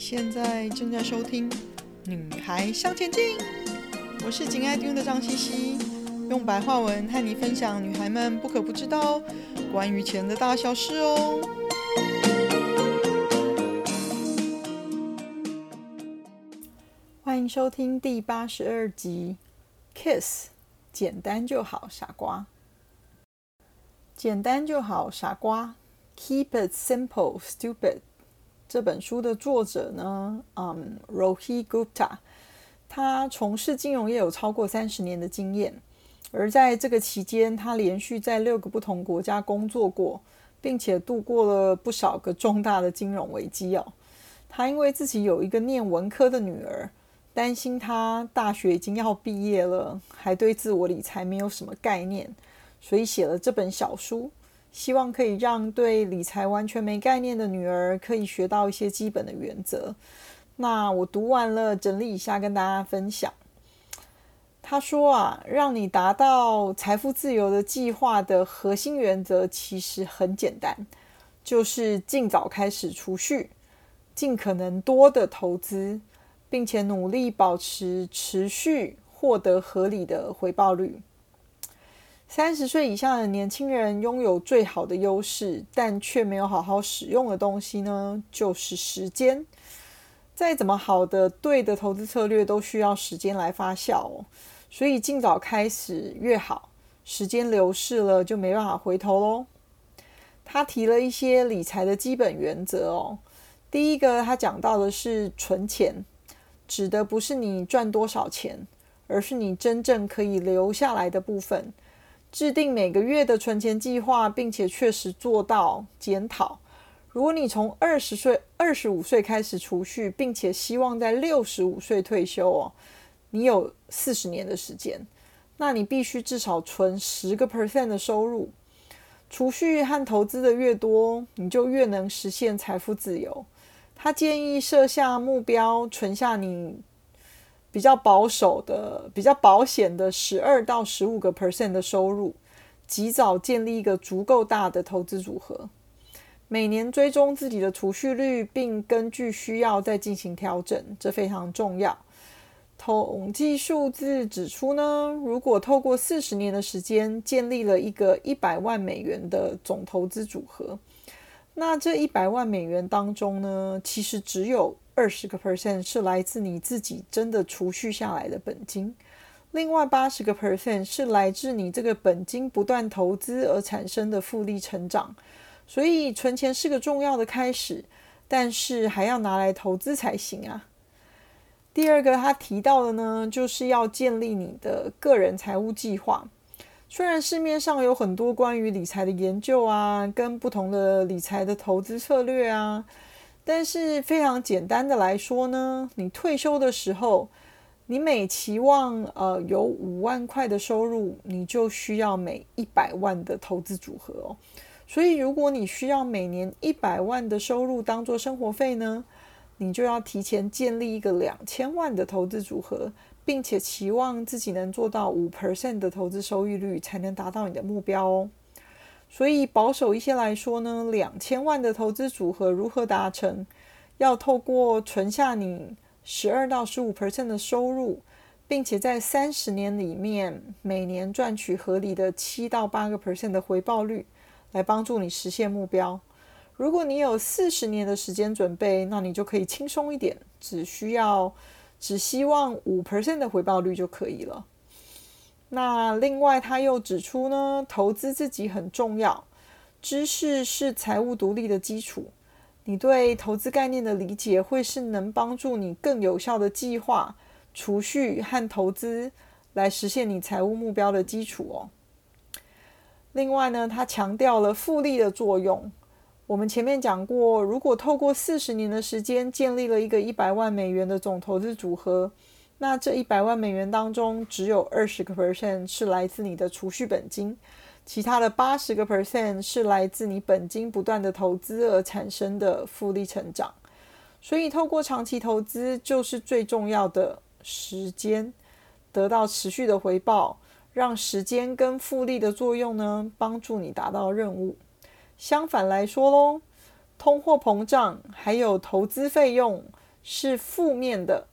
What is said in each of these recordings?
現在正在收聽《女孩向錢進》，我是緊愛聽的張茜茜，用白話文和你分享女孩們不可不知道關於錢的大小事哦。歡迎收聽第八十二集《Kiss》，簡單就好，傻瓜，簡單就好，傻瓜，Keep it simple, stupid。這本書的作者呢，嗯，um，Rohit Gupta，他從事金融業有超過三十年的經驗，而在這個期間，他連續在六個不同國家工作過，並且度過了不少個重大的金融危機。哦，他因為自己有一個念文科的女兒，擔心她大學已經要畢業了，還對自我理財沒有什麼概念，所以寫了這本小書。希望可以讓對理財完全沒概念的女兒可以學到一些基本的原則。那我讀完了，整理一下跟大家分享。他說啊，讓你達到財富自由的計劃的核心原則其實很簡單，就是盡早開始儲蓄，盡可能多的投資，並且努力保持持續獲得合理的回報率。三十歲以下的年輕人擁有最好的優勢，但卻沒有好好使用的東西呢，就是時間。再怎麼好的對的投資策略，都需要時間來發酵哦。所以盡早開始越好，時間流逝了就沒辦法回頭嘍。他提了一些理財的基本原則哦。第一個，他講到的是存錢，指的不是你賺多少錢，而是你真正可以留下來的部分。制定每個月的存錢計劃，並且確實做到檢討。如果你從二十歲、二十五歲開始儲蓄，並且希望在六十五歲退休哦，你有四十年的時間，那你必須至少存十個 percent 的收入。儲蓄和投資的越多，你就越能實現財富自由。他建議設下目標，存下你，比較保守的，比較保險的，十二到十五個 percent 的收入，及早建立一個足夠大的投資組合，每年追蹤自己的儲蓄率，並根據需要再進行調整，這非常重要。統計數字指出呢，如果透過四十年的時間建立了一個一百萬美元的總投資組合，那這一百萬美元當中呢，其實只有。二十個 percent 是來自你自己真的儲蓄下來的本金，另外八十個 percent 是來自你這個本金不斷投資而產生的複利成長。所以存錢是個重要的開始，但是還要拿來投資才行啊。第二個他提到的呢，就是要建立你的個人財務計劃。雖然市面上有很多關於理財的研究啊，跟不同的理財的投資策略啊。但是非常簡單的來說呢，你退休的時候，你每期望呃有五萬塊的收入，你就需要每一百萬的投資組合哦。所以如果你需要每年一百萬的收入當做生活費呢，你就要提前建立一個兩千萬的投資組合，並且期望自己能做到五 percent 的投資收益率，才能達到你的目標哦。所以保守一些來說呢，兩千萬的投資組合如何達成？要透過存下你十二到十五 percent 的收入，並且在三十年裡面每年賺取合理的七到八個 percent 的回報率，來幫助你實現目標。如果你有四十年的時間準備，那你就可以輕鬆一點，只需要只希望五 percent 的回報率就可以了。那另外，他又指出呢，投資自己很重要，知識是財務獨立的基礎。你對投資概念的理解，會是能幫助你更有效的計劃、儲蓄和投資，來實現你財務目標的基礎哦。另外呢，他強調了複利的作用。我們前面講過，如果透過四十年的時間，建立了一個一百萬美元的總投資組合。那這一百萬美元當中，只有二十個 percent 是來自你的儲蓄本金，其他的八十個 percent 是來自你本金不斷的投資而產生的複利成長。所以，透過長期投資就是最重要的時間，得到持續的回報，讓時間跟複利的作用呢，幫助你達到任務。相反來說咯，通貨膨脹還有投資費用是負面的。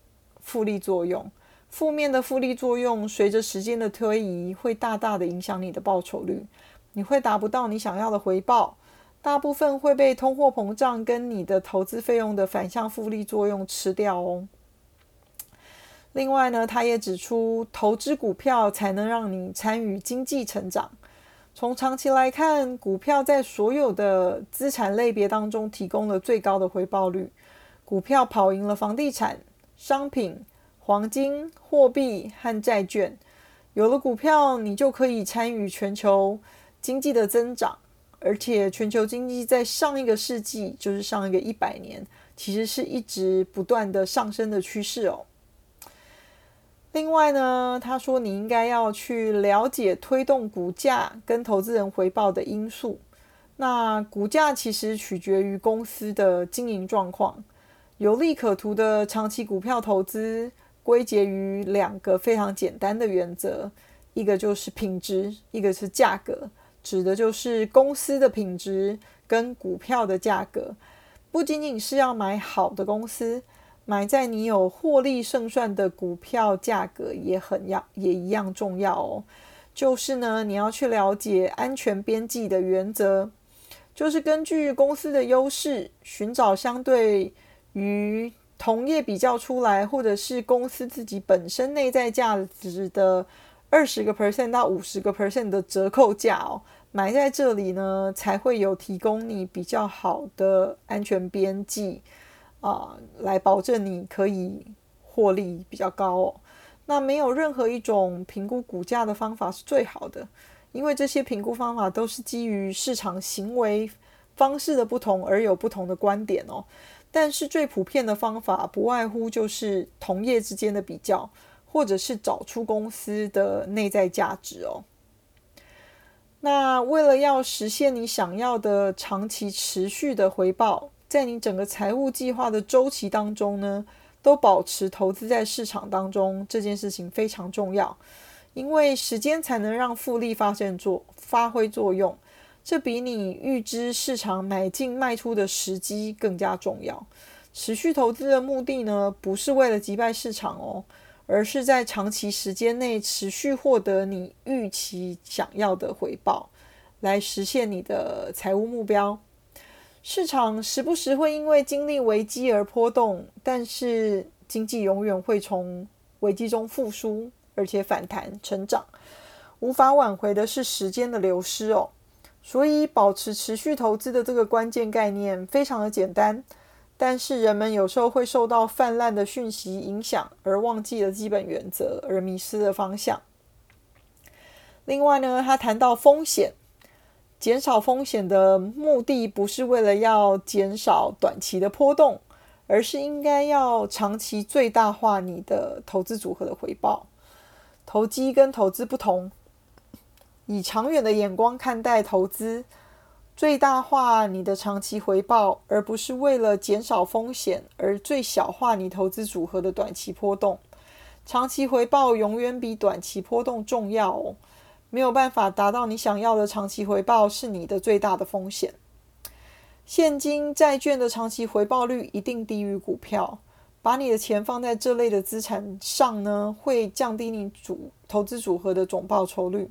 複利作用，負面的複利作用，隨着時間的推移，會大大的影響你的報酬率，你會達不到你想要的回報，大部分會被通貨膨脹跟你的投資費用的反向複利作用吃掉哦。另外呢，他也指出，投資股票才能讓你參與經濟成長。從長期來看，股票在所有的資產類別當中提供了最高的回報率，股票跑贏了房地產。商品、黃金、貨幣和債券，有了股票，你就可以參與全球經濟的增長。而且全球經濟在上一個世紀，就是上一個一百年，其實是一直不斷的上升的趨勢哦。另外呢，他說，你應該要去了解推動股價跟投資人回報的因素。那股價其實取決於公司的經營狀況。有利可圖的長期股票投資歸結於兩個非常簡單的原則：一個就是品質，一個是價格，指的就是公司的品質跟股票的價格。不僅僅是要買好的公司，買在你有獲利勝算的股票價格也很要也一樣重要哦。就是呢，你要去了解安全邊際的原則，就是根據公司的優勢尋找相對。與同業比較出來，或者是公司自己本身內在價值的二十個 percent 到五十個 percent 的折扣價哦，買在這裡呢，才會有提供你比較好的安全邊際啊、呃，來保證你可以獲利比較高哦。那沒有任何一種評估股價的方法是最好的，因為這些評估方法都是基於市場行為方式的不同而有不同的觀點哦。但是最普遍的方法不外乎就是同業之間的比較，或者是找出公司的內在價值哦。那為了要實現你想要的長期持續的回報，在你整個財務計劃的周期當中呢，都保持投資在市場當中，這件事情非常重要，因為時間才能讓複利發現作發揮作用。這比你預知市場買進賣出的時機更加重要。持續投資的目的呢，不是為了擊敗市場哦，而是在長期時間內持續獲得你預期想要的回報，來實現你的財務目標。市場時不時會因為經歷危機而波動，但是經濟永遠會從危機中復甦，而且反彈成長。無法挽回的是時間的流失哦。所以，保持持續投資的這個關鍵概念非常的簡單，但是人們有時候會受到泛濫的訊息影響，而忘記了基本原則，而迷失了方向。另外呢，他談到風險，減少風險的目的不是為了要減少短期的波動，而是應該要長期最大化你的投資組合的回報。投機跟投資不同。以長遠的眼光看待投資，最大化你的長期回報，而不是為了減少風險而最小化你投資組合的短期波動。長期回報永遠比短期波動重要哦。沒有辦法達到你想要的長期回報是你的最大的風險。現金、債券的長期回報率一定低於股票。把你的錢放在這類的資產上呢，會降低你組投資組合的總報酬率。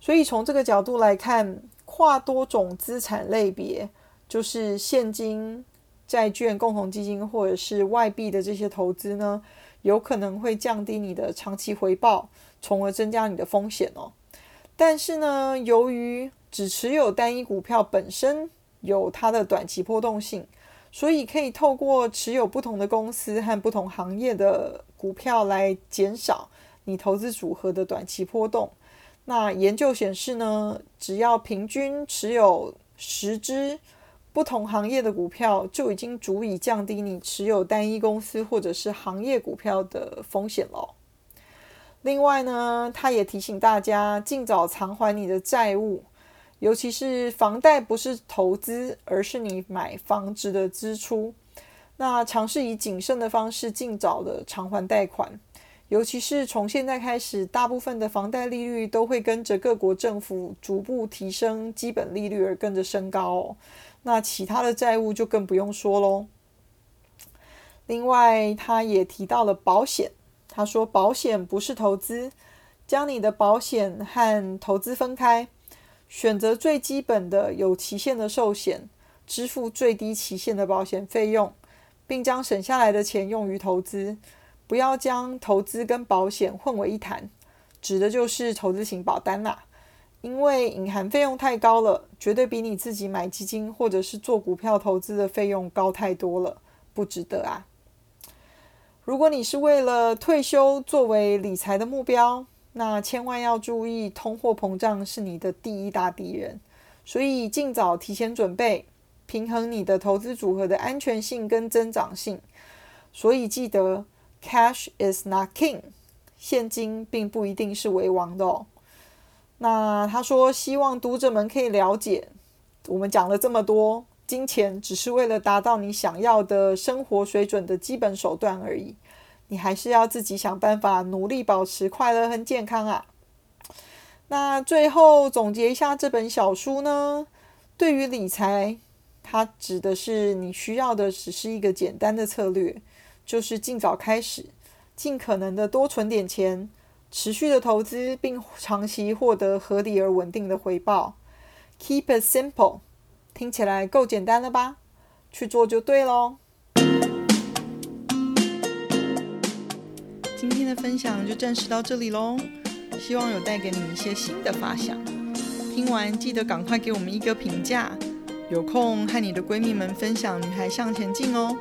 所以從這個角度來看，跨多種資產類別，就是現金、債券、共同基金或者是外幣的這些投資呢，有可能會降低你的長期回報，從而增加你的風險哦。但是呢，由於只持有單一股票本身有它的短期波動性，所以可以透過持有不同的公司和不同行業的股票來減少你投資組合的短期波動。那研究顯示呢，只要平均持有十支不同行業的股票，就已經足以降低你持有單一公司或者是行業股票的風險了。另外呢，他也提醒大家盡早償還你的債務，尤其是房貸不是投資，而是你買房子的支出。那嘗試以謹慎的方式盡早的償還貸款。尤其是從現在開始，大部分的房貸利率都會跟着各國政府逐步提升基本利率而跟着升高哦。那其他的債務就更不用說嘍。另外，他也提到了保險，他說保險不是投資，將你的保險和投資分開，選擇最基本的有期限的壽險，支付最低期限的保險費用，並將省下來的錢用於投資。不要將投資跟保險混為一談，指的就是投資型保單啦、啊。因為隱含費用太高了，絕對比你自己買基金或者是做股票投資的費用高太多了，不值得啊。如果你是為了退休作為理財的目標，那千萬要注意，通貨膨脹是你的第一大敵人，所以盡早提前準備，平衡你的投資組合的安全性跟增長性。所以記得。Cash is not king，現金並不一定是為王的哦。那他說，希望讀者們可以了解，我們講了這麼多，金錢只是為了達到你想要的生活水準的基本手段而已。你還是要自己想辦法，努力保持快樂和健康啊。那最後總結一下這本小書呢，對於理財，它指的是你需要的只是一個簡單的策略。就是盡早開始，盡可能的多存點錢，持續的投資，並長期獲得合理而穩定的回報。Keep it simple，聽起來夠簡單了吧？去做就對嘍。今天的分享就暫時到這裡嘍，希望有帶給你一些新的發想。聽完記得趕快給我們一個評價，有空和你的閨蜜們分享《女孩向錢進》哦。